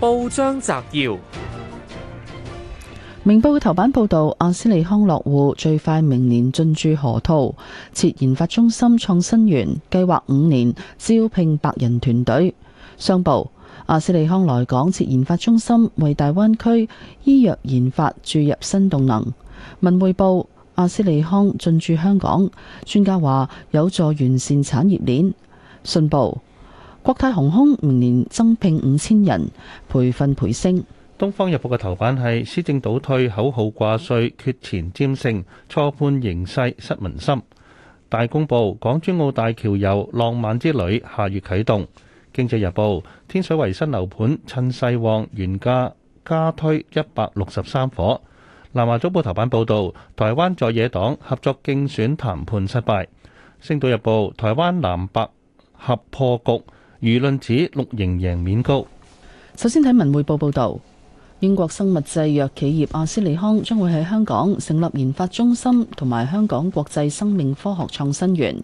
報章摘要：明報頭版報道，阿斯利康落戶最快明年進駐河套設研發中心創新園，計劃五年招聘百人團隊。商報：阿斯利康來港設研發中心，為大灣區醫藥研發注入新動能。文匯報：阿斯利康進駐香港，專家話有助完善產業鏈。信報。國泰航空明年增聘五千人，培訓培升。東方日報嘅頭版係施政倒退，口號掛帥，缺錢佔勝，錯判形勢，失民心。大公報：港珠澳大橋遊浪漫之旅下月啟動。經濟日報：天水圍新樓盤趁勢旺，原價加推一百六十三伙。南華早報頭版報道：台灣在野黨合作競選談判失敗。星島日報：台灣藍白合破局。輿論指綠營贏面高，首先睇文匯報報道。英國生物製藥企業阿斯利康將會喺香港成立研發中心，同埋香港國際生命科學創新園。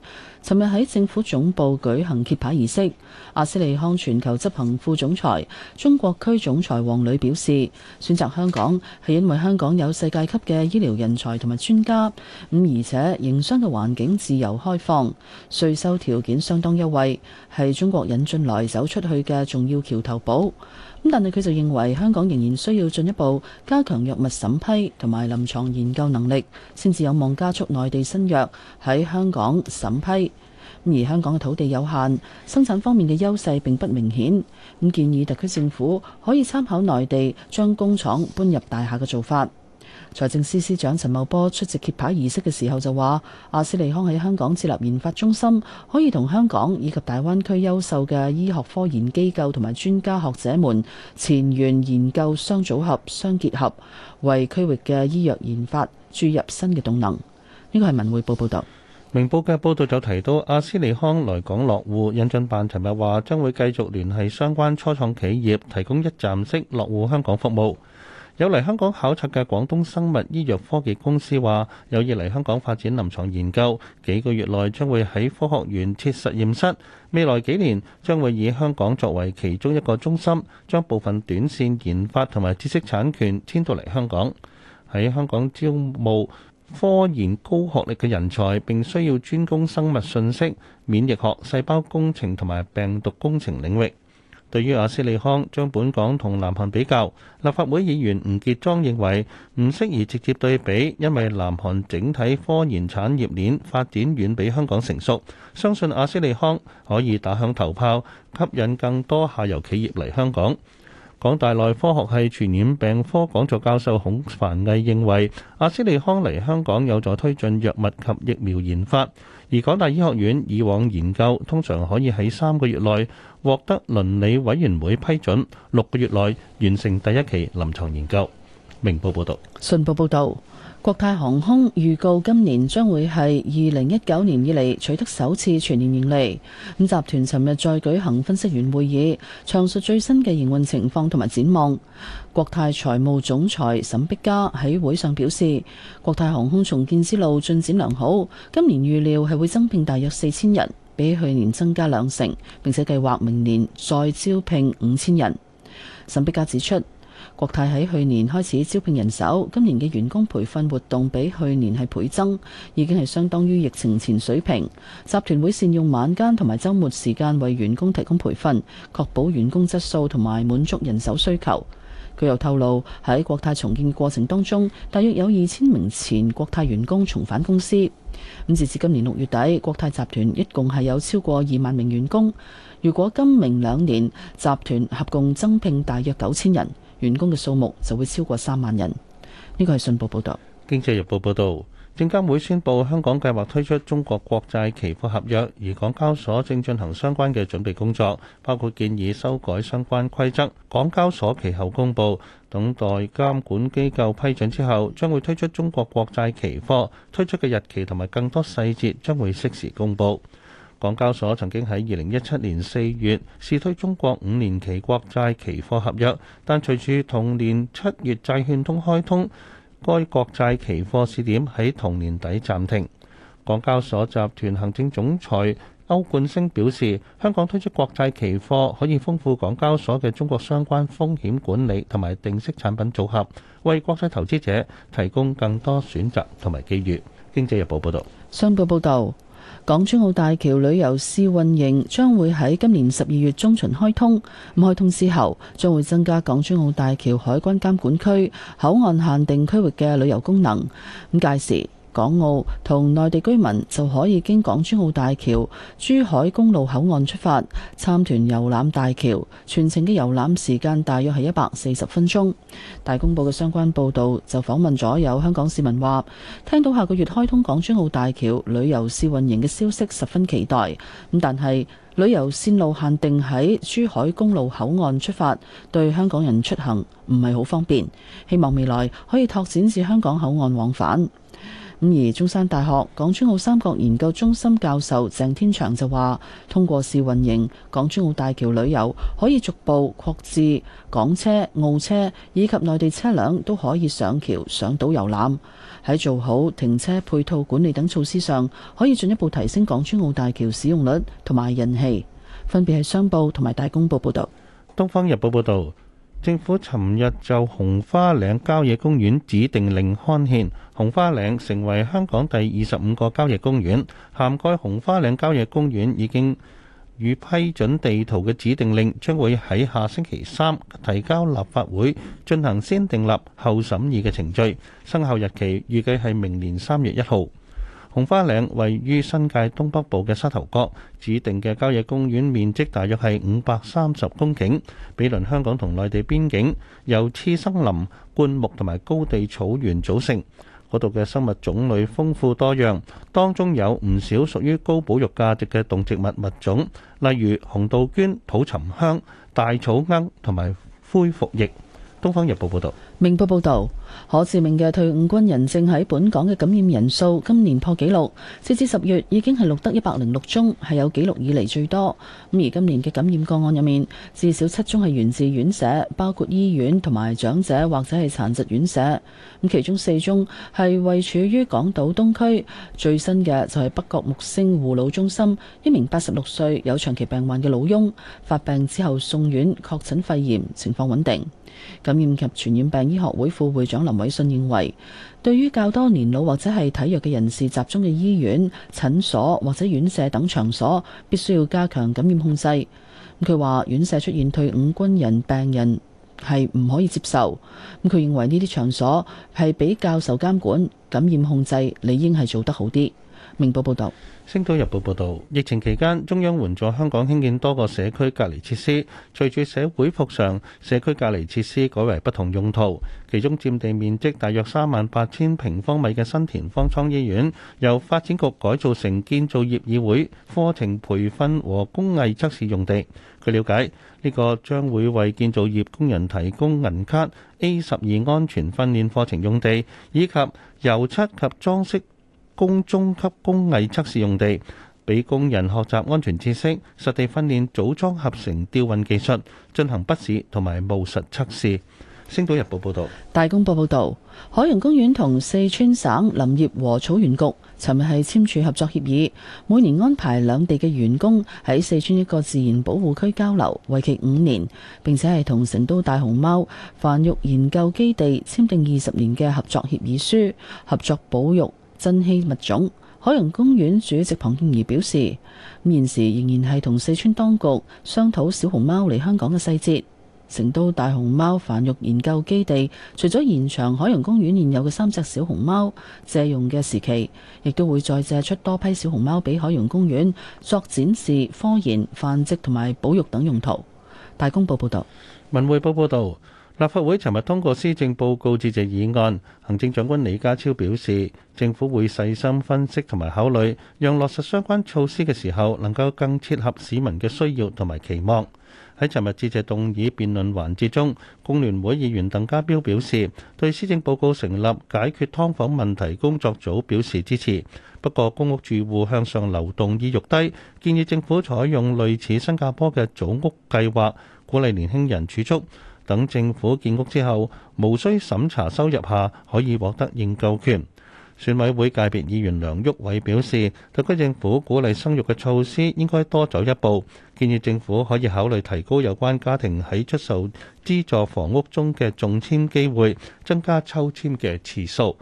尋日喺政府總部舉行揭牌儀式。阿斯利康全球執行副總裁、中國區總裁王磊表示：選擇香港係因為香港有世界級嘅醫療人才同埋專家，咁而且營商嘅環境自由開放，稅收條件相當優惠，係中國引進來走出去嘅重要橋頭堡。咁但係佢就認為香港仍然需要進一步加強藥物審批同埋臨床研究能力，先至有望加速內地新藥喺香港審批。而香港嘅土地有限，生產方面嘅優勢並不明顯。咁建議特區政府可以參考內地將工廠搬入大廈嘅做法。財政司司長陳茂波出席揭牌儀式嘅時候就話：阿斯利康喺香港設立研發中心，可以同香港以及大灣區優秀嘅醫學科研機構同埋專家學者們前沿研究相組合相結合，為區域嘅醫藥研發注入新嘅動能。呢個係文匯報報道。明報嘅報道就提到，阿斯利康來港落戶，引進辦尋日話將會繼續聯繫相關初創企業，提供一站式落戶香港服務。有嚟香港考察嘅廣東生物醫藥科技公司話有意嚟香港發展臨床研究，幾個月內將會喺科學園設實驗室，未來幾年將會以香港作為其中一個中心，將部分短線研發同埋知識產權遷到嚟香港，喺香港招募科研高學歷嘅人才，並需要專攻生物信息、免疫學、細胞工程同埋病毒工程領域。對於阿斯利康將本港同南韓比較，立法會議員吳傑莊認為唔適宜直接對比，因為南韓整體科研產業鏈發展遠比香港成熟，相信阿斯利康可以打響頭炮，吸引更多下游企業嚟香港。港大內科學系傳染病科講座教授孔凡毅認為，阿斯利康嚟香港有助推進藥物及疫苗研發，而港大醫學院以往研究通常可以喺三個月內獲得倫理委員會批准，六個月內完成第一期臨床研究。明報報道。信報報導。國泰航空預告今年將會係二零一九年以嚟取得首次全年盈利。咁集團尋日再舉行分析員會議，詳述最新嘅營運情況同埋展望。國泰財務總裁沈碧嘉喺會上表示，國泰航空重建之路進展良好，今年預料係會增聘大約四千人，比去年增加兩成，並且計劃明年再招聘五千人。沈碧嘉指出，國泰喺去年開始招聘人手，今年嘅員工培訓活動比去年係倍增，已經係相當於疫情前水平。集團會善用晚間同埋週末時間為員工提供培訓，確保員工質素同埋滿足人手需求。佢又透露，喺國泰重建嘅過程當中，大約有二千名前國泰員工重返公司。咁截至今年六月底，國泰集團一共係有超過二萬名員工。如果今明兩年集團合共增聘大約九千人，員工嘅數目就會超過三萬人。呢個係信報報導。經濟日報報導，證監會宣布香港計劃推出中國國債期貨合約，而港交所正進行相關嘅準備工作，包括建議修改相關規則。港交所其後公佈，等待監管機構批准之後，將會推出中國國債期貨。推出嘅日期同埋更多細節將會適時公佈。港交所曾經喺二零一七年四月試推中國五年期國債期貨合約，但隨住同年七月債券通開通，該國債期貨試點喺同年底暫停。港交所集團行政總裁歐冠升表示：香港推出國債期貨可以豐富港交所嘅中國相關風險管理同埋定息產品組合，為國際投資者提供更多選擇同埋機遇。經濟日報報道。商報報導。港珠澳大橋旅遊試運營將會喺今年十二月中旬開通，咁開通之後將會增加港珠澳大橋海關監管區口岸限定區域嘅旅遊功能，咁屆時港澳同內地居民就可以經港珠澳大橋、珠海公路口岸出發參團遊覽大橋，全程嘅遊覽時間大約係一百四十分鐘。大公報嘅相關報導就訪問咗有香港市民話，聽到下個月開通港珠澳大橋旅遊試運營嘅消息，十分期待。咁但係旅遊線路限定喺珠海公路口岸出發，對香港人出行唔係好方便。希望未來可以拓展至香港口岸往返。咁而中山大學港珠澳三角研究中心教授鄭天祥就話，通過試運營，港珠澳大橋旅遊可以逐步擴至港車、澳車以及內地車輛都可以上橋上島遊覽。喺做好停車配套管理等措施上，可以進一步提升港珠澳大橋使用率同埋人氣。分別係商報同埋大公報報道。《東方日報》報道。政府尋日就紅花嶺郊野公園指定令刊憲，紅花嶺成為香港第二十五個郊野公園。涵蓋紅花嶺郊野公園已經與批准地圖嘅指定令，將會喺下星期三提交立法會進行先訂立後審議嘅程序，生效日期預計係明年三月一號。紅花嶺位於新界東北部嘅沙頭角，指定嘅郊野公園面積大約係五百三十公頃。毗鄰香港同內地邊境，由次生林、灌木同埋高地草原組成。嗰度嘅生物種類豐富多樣，當中有唔少屬於高保育價值嘅動植物物種，例如紅杜鵑、土沉香、大草鶯同埋灰伏翼。《東方日報》報道：《明報》報道，可致命嘅退伍軍人正喺本港嘅感染人數今年破紀錄，截至十月已經係錄得一百零六宗，係有紀錄以嚟最多。咁而今年嘅感染個案入面，至少七宗係源自院舍，包括醫院同埋長者或者係殘疾院舍。咁其中四宗係位處於港島東區，最新嘅就係北角木星護老中心一名八十六歲有長期病患嘅老翁，發病之後送院確診肺炎，情況穩定。感染及傳染病醫學會副會長林偉信認為，對於較多年老或者係體弱嘅人士集中嘅醫院、診所或者院舍等場所，必須要加強感染控制。佢話院舍出現退伍軍人病人係唔可以接受。佢認為呢啲場所係比較受監管，感染控制理應係做得好啲。明報報道，《星島日報》報道，疫情期間中央援助香港興建多個社區隔離設施，隨住社會復常，社區隔離設施改為不同用途。其中佔地面積大約三萬八千平方米嘅新田方艙醫院，由發展局改造成建造業議會課程培訓和工藝測試用地。據了解，呢、這個將會為建造業工人提供銀卡 A 十二安全訓練課程用地，以及油漆及裝飾。供中級工藝測試用地，俾工人學習安全知識、實地訓練組裝合成吊運技術，進行筆試同埋務實測試。星島日報報道，大公報報導，海洋公園同四川省林業和草原局尋日係簽署合作協議，每年安排兩地嘅員工喺四川一個自然保護區交流，為期五年。並且係同成都大熊貓繁育研究基地簽訂二十年嘅合作協議書，合作保育。珍稀物種。海洋公園主席龐建貽表示，咁現時仍然係同四川當局商討小熊貓嚟香港嘅細節。成都大熊貓繁育研究基地除咗延長海洋公園現有嘅三隻小熊貓借用嘅時期，亦都會再借出多批小熊貓俾海洋公園作展示、科研、繁殖同埋保育等用途。大公報報道，文匯報報道。立法會尋日通過施政報告致謝議案，行政長官李家超表示，政府會細心分析同埋考慮，讓落實相關措施嘅時候能夠更切合市民嘅需要同埋期望。喺尋日致謝動議辯論環節中，工聯會議員鄧家彪表示，對施政報告成立解決劏房問題工作組表示支持。不過，公屋住戶向上流動意欲低，建議政府採用類似新加坡嘅組屋計劃，鼓勵年輕人儲蓄。等政府建屋之後，無需審查收入下，可以獲得認購權。選委會界別議員梁毓偉表示，特區政府鼓勵生育嘅措施應該多走一步，建議政府可以考慮提高有關家庭喺出售資助房屋中嘅中籤機會，增加抽籤嘅次數。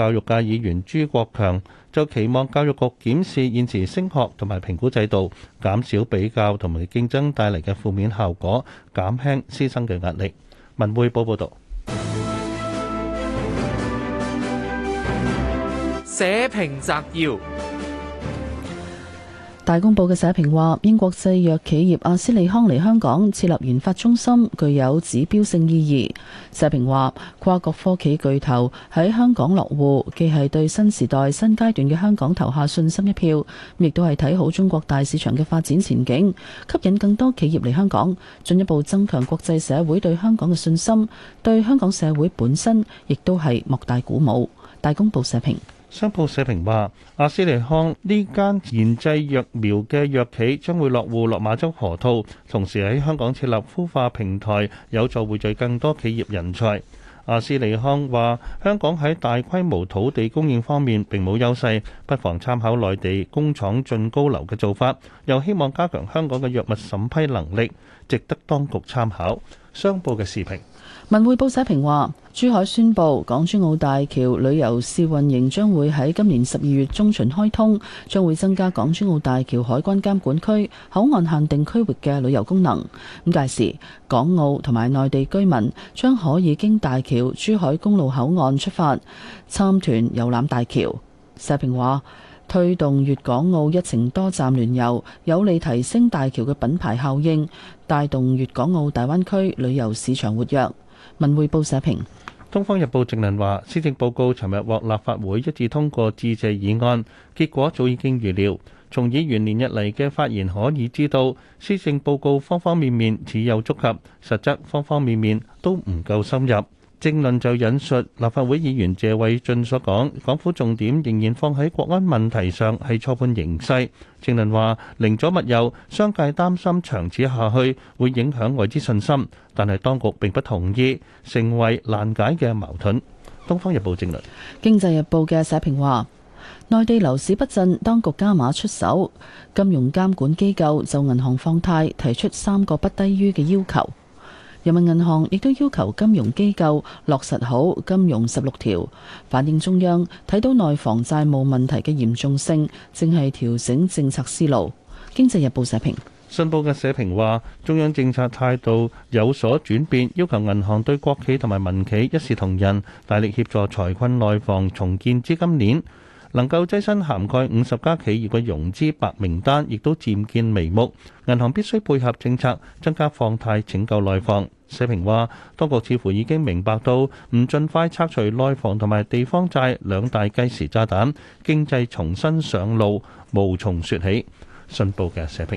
教育界議員朱國強就期望教育局檢視現時升學同埋評估制度，減少比較同埋競爭帶嚟嘅負面效果，減輕師生嘅壓力。文匯報報道。社評摘要。大公報嘅社評話：英國製藥企業阿斯利康嚟香港設立研發中心，具有指標性意義。社評話，跨國科技巨頭喺香港落戶，既係對新時代新階段嘅香港投下信心一票，亦都係睇好中國大市場嘅發展前景，吸引更多企業嚟香港，進一步增強國際社會對香港嘅信心，對香港社會本身亦都係莫大鼓舞。大公報社評。商報社評話，阿斯利康呢間研製疫苗嘅藥企將會落戶落馬洲河套，同時喺香港設立孵化平台，有助匯聚更多企業人才。阿斯利康話，香港喺大規模土地供應方面並冇優勢，不妨參考內地工廠進高樓嘅做法，又希望加強香港嘅藥物審批能力，值得當局參考。商報嘅視頻。文匯報社評話，珠海宣布港珠澳大橋旅遊試運營將會喺今年十二月中旬開通，將會增加港珠澳大橋海關監管區口岸限定區域嘅旅遊功能。咁屆時，港澳同埋內地居民將可以經大橋珠海公路口岸出發，參團遊覽大橋。社評話，推動粵港澳一程多站聯遊，有利提升大橋嘅品牌效應，帶動粵港澳大灣區旅遊市場活躍。文匯報社評：東方日報證人話，施政報告尋日獲立,立法會一致通過致謝議案，結果早已經預料。從議員連日嚟嘅發言可以知道，施政報告方方面面似有觸及，實則方方面面都唔夠深入。政論就引述立法會議員謝偉俊所講，港府重點仍然放喺國安問題上，係錯判形勢。政論話寧左勿右，商界擔心長此下去會影響外資信心，但係當局並不同意，成為難解嘅矛盾。《東方日報》政論，《經濟日報》嘅社評話，內地樓市不振，當局加碼出手，金融監管機構就銀行放貸提出三個不低於嘅要求。人民銀行亦都要求金融機構落實好金融十六條，反映中央睇到內房債務問題嘅嚴重性，正係調整政策思路。經濟日報社評，新報嘅社評話，中央政策態度有所轉變，要求銀行對國企同埋民企一視同仁，大力協助財困內房重建資金鏈。能夠躋身涵蓋五十家企業嘅融資白名單，亦都漸見眉目。銀行必須配合政策，增加放貸拯救內房。社評話，當局似乎已經明白到，唔盡快拆除內房同埋地方債兩大計時炸彈，經濟重新上路無從說起。信報嘅社評。